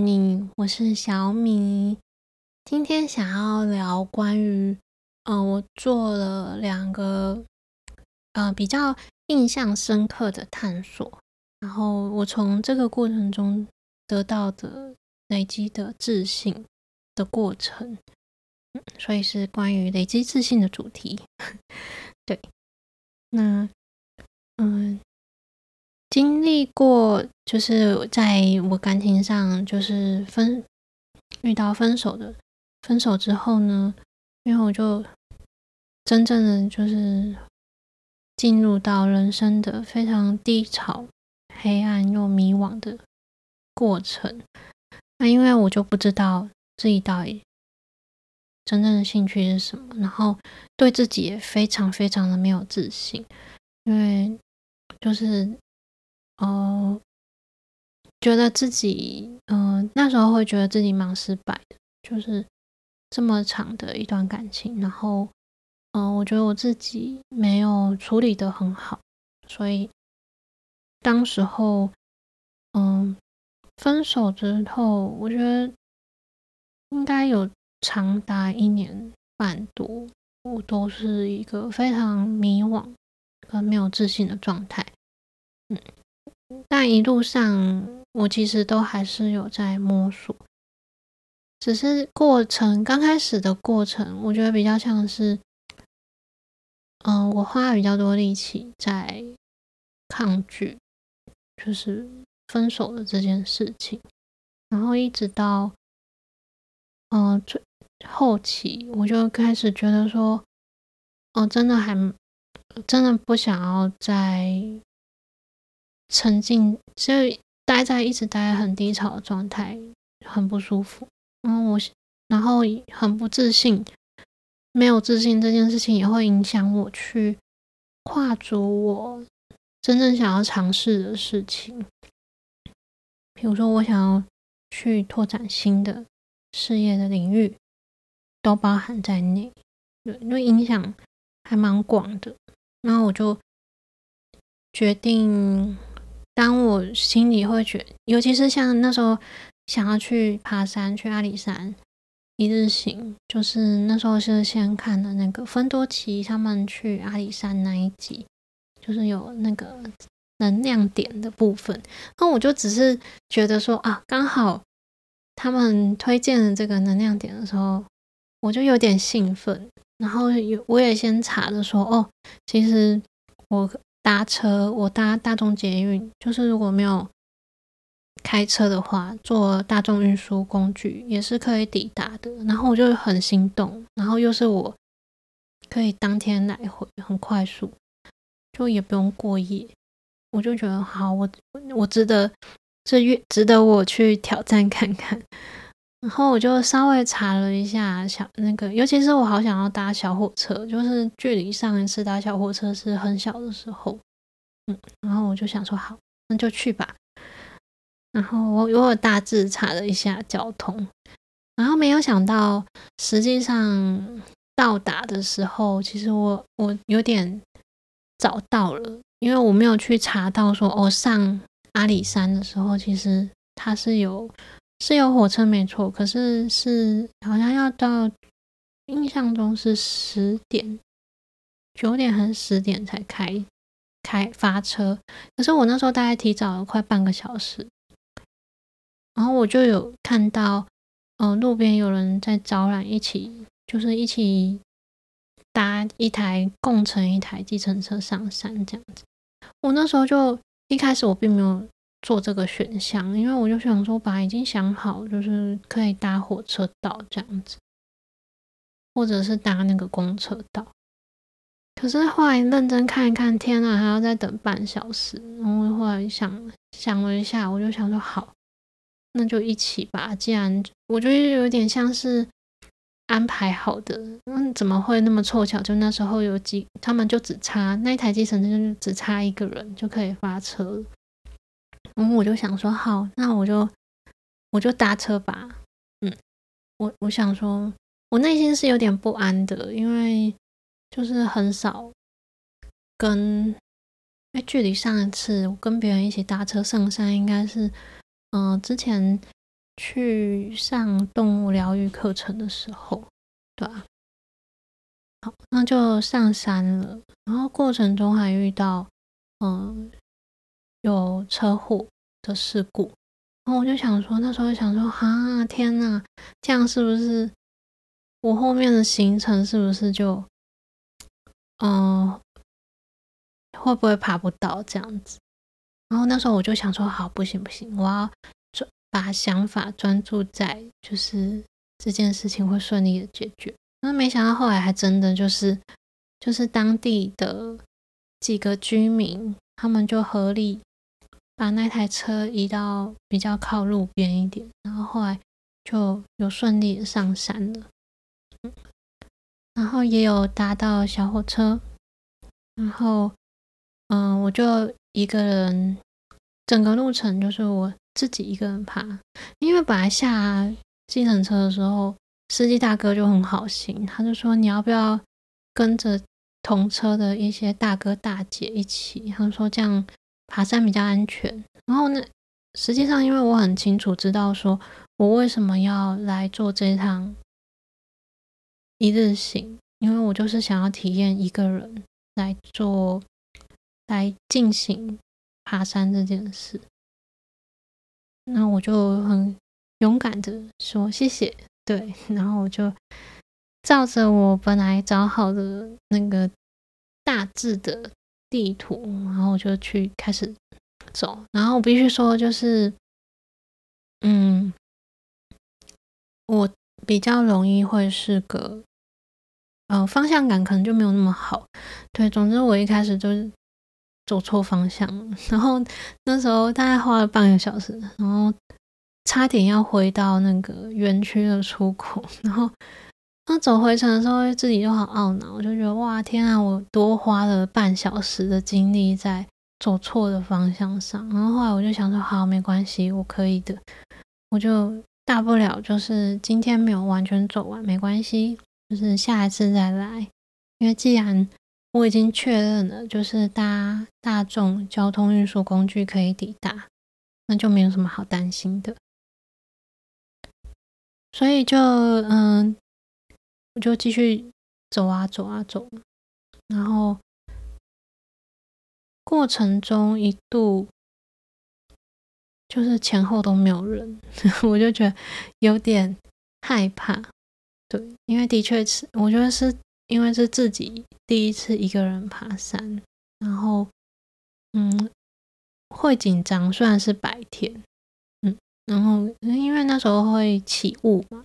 你我是小米，今天想要聊關於，嗯、呃，我做了兩個，呃，比較印象深刻的探索，然後我從這個過程中得到的累積的自信的過程，所以是關於累積自信的主題， 對，那，嗯、呃。經歷過，就是在我感情上，就是分遇到分手的，分手之後呢，因為我就真正的就是進入到人生的非常低潮、黑暗又迷惘的過程。那因為我就不知道自己到底真正的興趣是什麼，然後對自己也非常非常的沒有自信，因為就是。哦、呃，覺得自己嗯、呃，那時候會覺得自己蠻失敗的，就是這麼長的一段感情，然後嗯、呃，我覺得我自己沒有處理得很好，所以當時候嗯、呃，分手之後，我覺得應該有長達一年半多，我都是一個非常迷惘和沒有自信的狀態，嗯。但一路上，我其實都還是有在摸索，只是過程剛開始的過程，我覺得比較像是，嗯、呃，我花了比較多力氣在抗拒，就是分手的這件事情，然後一直到，嗯、呃，最後期，我就開始覺得說，哦、呃，真的還真的不想要再。沉浸，所以待在，一直待在很低潮的狀態，很不舒服。然後，嗯，我，然後很不自信，沒有自信這件事情也會影響我去跨足我真正想要嘗試的事情。比如說我想要去拓展新的事業的領域，都包含在內。對，因為影響還蠻廣的。然後我就決定。當我心裡會覺得，尤其是像那時候想要去爬山，去阿里山一日行，就是那時候是先看了那個芬多奇他們去阿里山那一集，就是有那個能量點的部分，那我就只是覺得說啊，剛好他們推薦的這個能量點的時候，我就有點興奮，然後有，我也先查着說哦，其實我。搭車，我搭大眾捷運，就是如果沒有開車的話，坐大眾運輸工具也是可以抵達的。然後我就很心動，然後又是我可以當天來回，很快速，就也不用過夜。我就覺得好，我我值得這月值得我去挑戰看看。然後我就稍微查了一下小那個，尤其是我好想要搭小火車，就是距離上一次搭小火車是很小的時候，嗯，然後我就想說好，那就去吧。然後我我有大致查了一下交通，然後沒有想到，實際上到達的時候，其實我我有點找到了，因為我沒有去查到說哦，上阿里山的時候，其實它是有。是有火車沒錯，可是是好像要到，印象中是十點、九點還是十點才開開發車，可是我那時候大概提早了快半個小時，然後我就有看到，呃，路邊有人在招攬一起，就是一起搭一台共乘一台計程車上山這樣子。我那時候就一開始我並沒有。做這個選項，因為我就想說，吧已經想好，就是可以搭火車到這樣子，或者是搭那個公車到。可是後來認真看一看，天啊，還要再等半小時。然後後來想想了一下，我就想說，好，那就一起吧。既然就我覺得有點像是安排好的，嗯，怎麼會那麼湊巧？就那時候有幾，他們就只差那一台計程車就只差一個人就可以發車。嗯，我就想說，好，那我就我就搭車吧。嗯，我我想說，我內心是有點不安的，因為就是很少跟，那距離上一次我跟別人一起搭車上山應該是，嗯，之前去上動物療癒課程的時候，對吧？好，那就上山了，然後過程中還遇到嗯。呃有車禍的事故，然後我就想說，那時候想說，哈、啊、天哪，這樣是不是我後面的行程是不是就，嗯、呃，會不會爬不到這樣子？然後那時候我就想說，好，不行不行，我要專把想法專注在就是這件事情會順利的解決。那沒想到後來還真的就是，就是當地的幾個居民，他們就合力。把那台車移到比較靠路邊一點，然後後來就有順利的上山了，嗯，然後也有搭到小火車，然後，嗯，我就一個人，整個路程就是我自己一個人爬，因為本來下計程車的時候，司機大哥就很好心，他就說你要不要跟着同車的一些大哥大姐一起，他說這樣。爬山比較安全。然後呢，實際上，因為我很清楚知道，說我為什麼要來做這趟一日行，因為我就是想要體驗一個人來做、來進行爬山這件事。那我就很勇敢的說謝謝，對。然後我就照着我本來找好的那個大致的。地圖，然後我就去開始走，然後我必須說就是，嗯，我比較容易會是個，嗯、呃，方向感可能就沒有那麼好，對，總之我一開始就是走錯方向，然後那時候大概花了半個小時，然後差點要回到那個園區的出口，然後。那走回程的時候，自己就好懊惱，我就覺得哇天啊，我多花了半小時的精力在走錯的方向上。然後後來我就想說，好沒關係，我可以的，我就大不了就是今天沒有完全走完，沒關係，就是下一次再來。因為既然我已經確認了，就是搭大眾交通運輸工具可以抵達，那就沒有什麼好擔心的。所以就嗯。就繼續走啊走啊走，然後過程中一度就是前後都沒有人， 我就覺得有點害怕。對，因為的確是，我覺得是因為是自己第一次一個人爬山，然後嗯會緊張，雖然是白天，嗯，然後因為那時候會起霧嘛，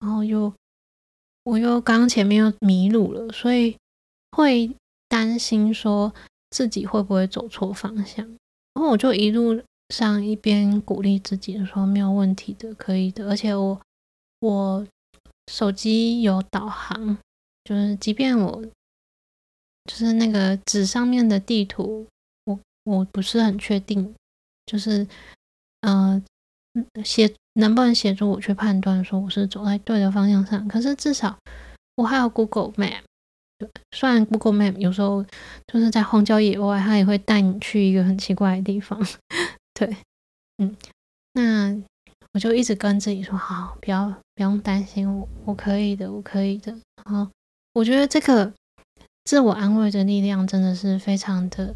然後又。我又剛前面又迷路了，所以會擔心說自己會不會走錯方向。然後我就一路上一邊鼓勵自己說，沒有問題的，可以的。而且我我手機有導航，就是即便我就是那個紙上面的地圖，我我不是很確定，就是嗯。呃。寫，能不能協助我去判斷說我是走在對的方向上？可是至少我還有 Google Map，對，雖然 Google Map 有時候就是在荒郊野外，它也會帶你去一個很奇怪的地方。對，嗯，那我就一直跟自己說，好，不要不用擔心我，我可以的，我可以的。然後我覺得這個自我安慰的力量真的是非常的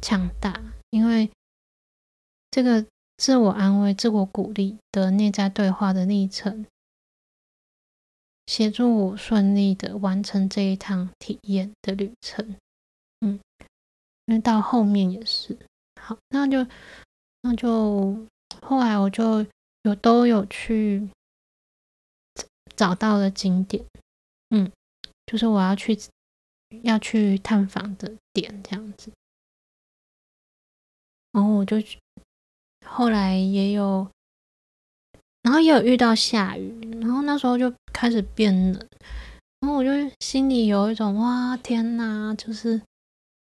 強大，因為這個。自我安慰、自我鼓勵的內在對話的歷程，協助我順利的完成這一趟體驗的旅程。嗯，因為到後面也是好，那就那就後來我就有都有去找到了景點，嗯，就是我要去要去探訪的點這樣子，然後我就。後來也有，然後也有遇到下雨，然後那時候就開始變冷，然後我就心裡有一種哇天哪，就是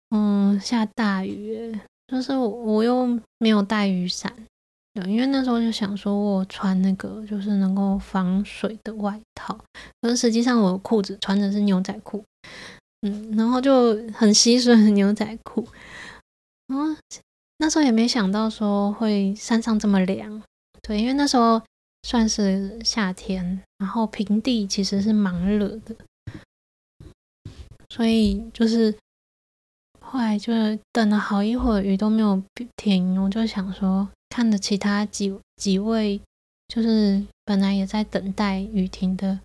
嗯下大雨，就是我，我又沒有帶雨傘，對，因為那時候就想說我穿那個就是能夠防水的外套，但、就是、實際上我的褲子穿的是牛仔褲，嗯，然後就很吸水的牛仔褲，然後那時候也沒想到說會山上這麼涼，對，因為那時候算是夏天，然後平地其實是蠻熱的，所以就是後來就是等了好一會兒雨都沒有停，我就想說看着其他幾幾位就是本來也在等待雨停的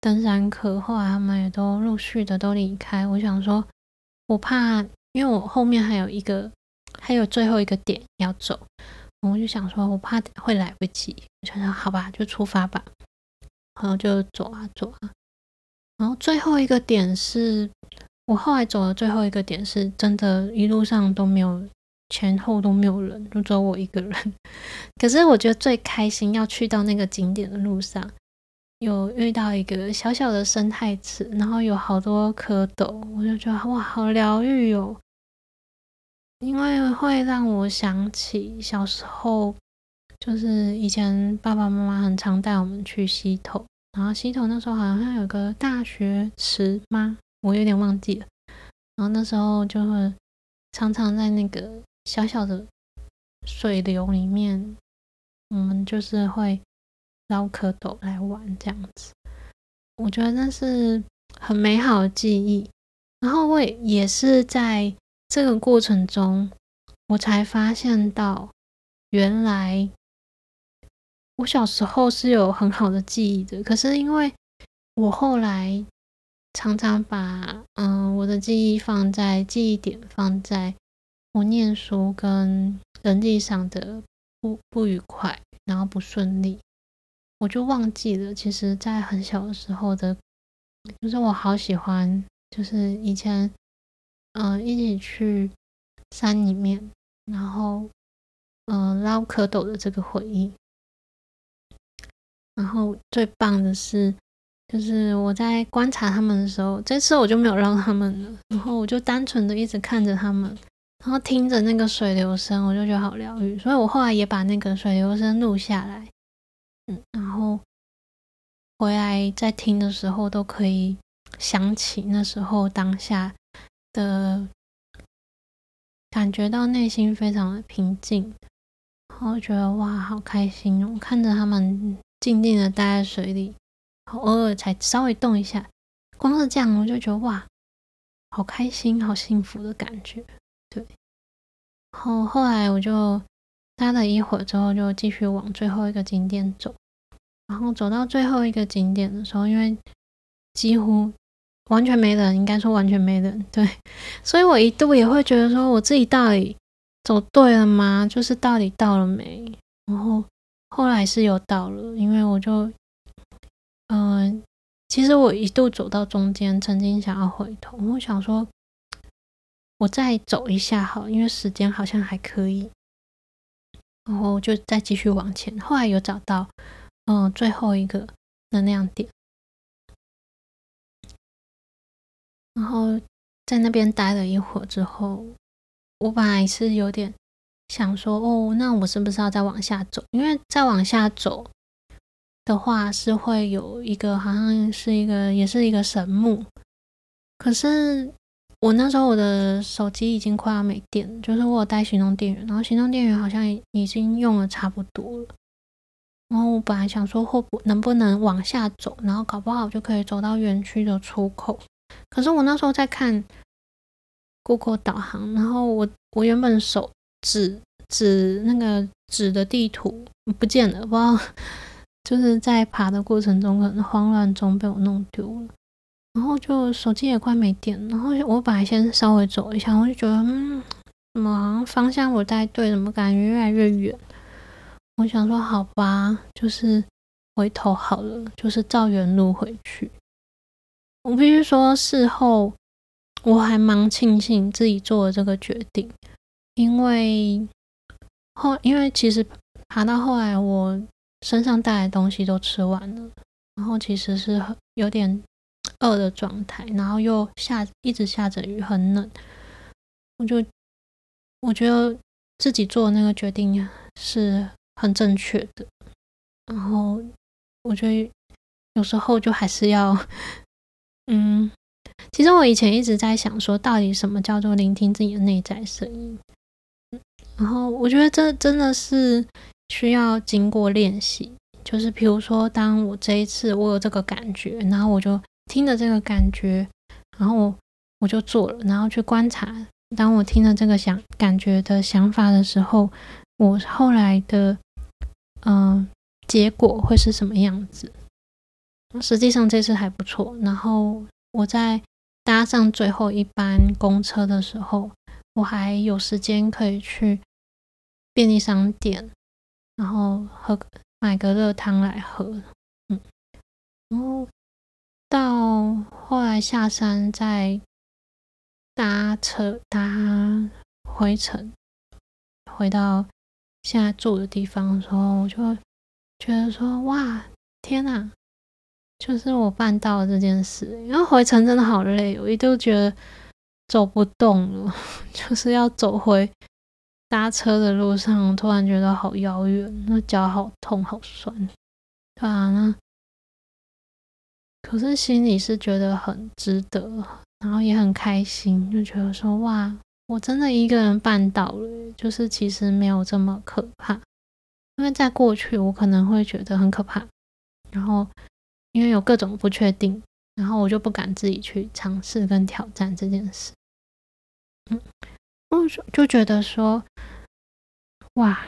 登山客，後來他們也都陸續的都離開，我想說我怕，因為我後面還有一個。還有最後一個點要走，我就想說，我怕會來不及，我就說好吧，就出發吧。然後就走啊走啊，然後最後一個點是，我後來走的最後一個點是，是真的一路上都沒有，前後都沒有人，就只有我一個人。 可是我覺得最開心要去到那個景點的路上，有遇到一個小小的生態池，然後有好多蝌蚪，我就覺得哇，好療癒哦。因為會讓我想起小時候，就是以前爸爸媽媽很常帶我們去溪頭，然後溪頭那時候好像有個大學池嗎？我有點忘記了。然後那時候就會常常在那個小小的水流裡面，我們就是會撈蝌蚪來玩這樣子。我覺得那是很美好的記憶。然後我也也是在。這個過程中，我才發現到，原來我小時候是有很好的記憶的。可是因為，我後來常常把嗯、呃、我的記憶放在記憶點放在我念書跟人際上的不不愉快，然後不順利，我就忘記了。其實，在很小的時候的，就是我好喜歡，就是以前。嗯、呃，一起去山裡面，然後嗯、呃，撈蝌蚪的這個回憶。然後最棒的是，就是我在觀察他們的時候，這次我就沒有讓他們了，然後我就單純的一直看着他們，然後聽着那個水流聲，我就覺得好療癒。所以我後來也把那個水流聲錄下來，嗯，然後回來再聽的時候都可以想起那時候當下。的感覺到內心非常的平靜，然後覺得哇，好開心。我看着他們靜靜的待在水裡，偶爾才稍微動一下，光是這樣我就覺得哇，好開心，好幸福的感覺。對，然後後來我就待了一會兒之後，就繼續往最後一個景點走。然後走到最後一個景點的時候，因為幾乎。完全沒人，應該說完全沒人。對，所以我一度也會覺得說，我自己到底走對了嗎？就是到底到了沒？然後後來是有到了，因為我就，嗯、呃，其實我一度走到中間，曾經想要回頭，我想說，我再走一下好，因為時間好像還可以。然後就再繼續往前，後來有找到，嗯、呃，最後一個的能量點。然後在那邊待了一會兒之後，我本來是有點想說：“哦，那我是不是要再往下走？因為再往下走的話，是會有一個好像是一個也是一個神木。可是我那時候我的手機已經快要沒電，就是我有帶行動電源，然後行動電源好像已經用的差不多了。然後我本來想說，或不，能不能往下走，然後搞不好就可以走到園區的出口。”可是我那時候在看 Google 導航，然後我我原本手指指那個指的地圖不見了，不知道就是在爬的過程中可能慌亂中被我弄丟了，然後就手機也快沒電了，然後我本來先稍微走一下，我就覺得嗯，怎麼好像方向不太對，怎麼感覺越來越遠？我想說好吧，就是回頭好了，就是照原路回去。我必須說，事後我還蠻慶幸自己做了這個決定，因為後因為其實爬到後來，我身上帶的東西都吃完了，然後其實是有點餓的狀態，然後又下一直下着雨，很冷，我就我覺得自己做那個決定是很正確的，然後我覺得有時候就還是要。嗯，其實我以前一直在想說，到底什麼叫做聆聽自己的內在聲音。然後我覺得這真的是需要經過練習。就是比如說，當我這一次我有這個感覺，然後我就聽着這個感覺，然後我就做了，然後去觀察，當我聽了這個想感覺的想法的時候，我後來的嗯、呃、結果會是什麼樣子？實際上這次還不錯。然後我在搭上最後一班公車的時候，我還有時間可以去便利商店，然後喝，買個熱湯來喝。嗯，然後到後來下山再搭車，搭回程，回到現在住的地方的時候，我就覺得說：哇，天哪！就是我辦到了這件事，因為回程真的好累，我一度覺得走不動了。就是要走回搭車的路上，突然覺得好遙遠，那腳好痛好酸，對啊。那可是心裡是覺得很值得，然後也很開心，就覺得說哇，我真的一個人辦到了，就是其實沒有這麼可怕。因為在過去，我可能會覺得很可怕，然後。因為有各種不確定，然後我就不敢自己去嘗試跟挑戰這件事。嗯，我就覺得說，哇，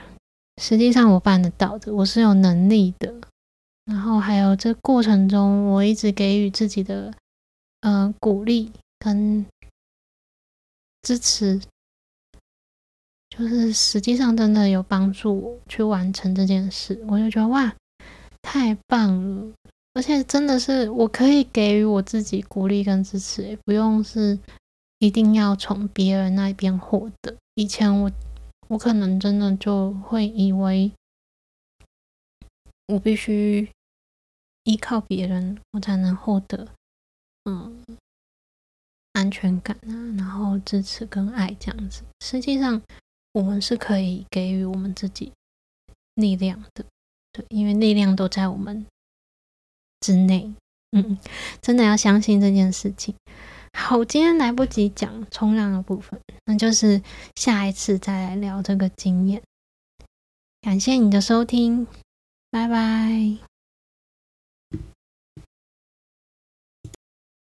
實際上我辦得到的，我是有能力的。然後還有這過程中，我一直給予自己的嗯、呃、鼓勵跟支持，就是實際上真的有幫助我去完成這件事。我就覺得哇，太棒了！而且真的是，我可以給予我自己鼓勵跟支持，也不用是一定要從別人那邊獲得。以前我我可能真的就會以為我必須依靠別人，我才能獲得嗯安全感啊，然後支持跟愛這樣子。實際上，我們是可以給予我們自己力量的，對，因為力量都在我們之內，嗯，真的要相信這件事情。好，我今天來不及講衝浪的部分，那就是下一次再來聊這個經驗。感謝你的收聽，拜拜。